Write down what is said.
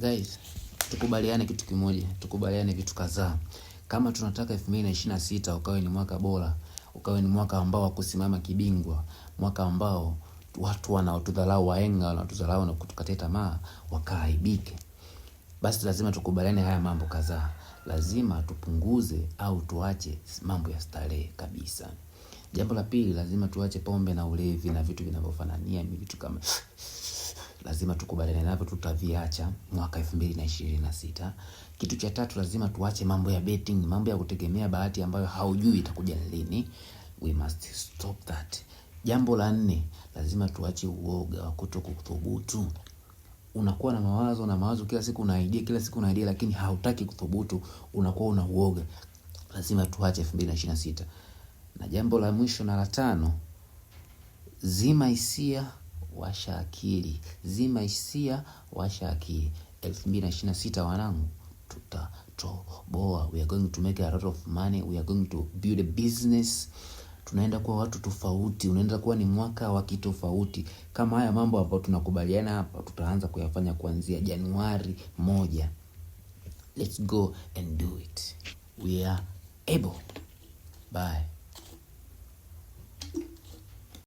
Guys, tukubaliane kitu kimoja, tukubaliane vitu kadhaa. Kama tunataka 2026 ukawe ni mwaka bora, ukawe ni mwaka ambao wa kusimama kibingwa, mwaka ambao watu wanaotudharau, waenga wanaotudharau na kutukatia tamaa wakaaibike, basi lazima tukubaliane haya mambo kadhaa. Lazima tupunguze au tuache mambo ya starehe kabisa. Jambo la pili, lazima tuache pombe na ulevi na vitu vinavyofanania ni vitu kama lazima tukubaliane navyo, tutaviacha mwaka elfu mbili na na ishirini sita. Kitu cha tatu, lazima tuache mambo ya betting, mambo ya kutegemea bahati ambayo haujui itakuja lini. We must stop that. Jambo la nne, lazima tuache uoga wa kuto kuthubutu. Unakuwa na mawazo na mawazo kila siku, una idea kila siku, una idea lakini hautaki kuthubutu, unakuwa una uoga. Lazima tuache elfu mbili na na sita. Na jambo la mwisho na la tano, zima hisia washa akili, zima hisia, washa akili. 2026 wanangu, tutatoboa. We are going to make a lot of money, we are going to build a business. Tunaenda kuwa watu tofauti, unaenda kuwa ni mwaka wa kitofauti. Kama haya mambo ambayo tunakubaliana hapa, tutaanza kuyafanya kuanzia Januari moja. Let's go and do it, we are able. Bye.